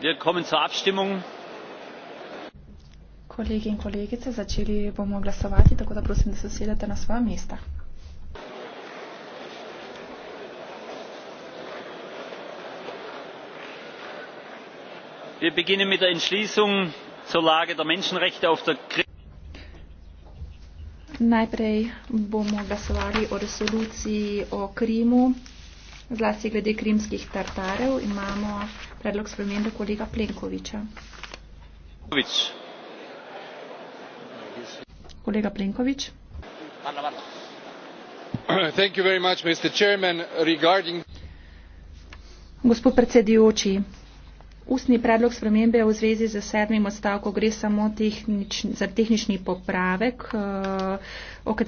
wir kommen zur Abstimmung. Kolleginnen und Kollegen, wir werden jetzt glasovati, tako da prosim, da se sedete na svoja mesta. Wir beginnen mit der Entschließung zur Lage der Menschenrechte auf der Krim. Najprej bomo glasovali o resoluciji o Krimu, zlasti glede krimskih tartarev, imamo predlog spremembe kolega Plenkoviča. Plenkovič. Kolega Plenkovič. Thank you very much, Mr. Chairman, regarding... Gospod predsedujoči, ustni predlog spremembe v zvezi z sedmim odstavkom gre samo tehnič, za tehnični popravek, uh, o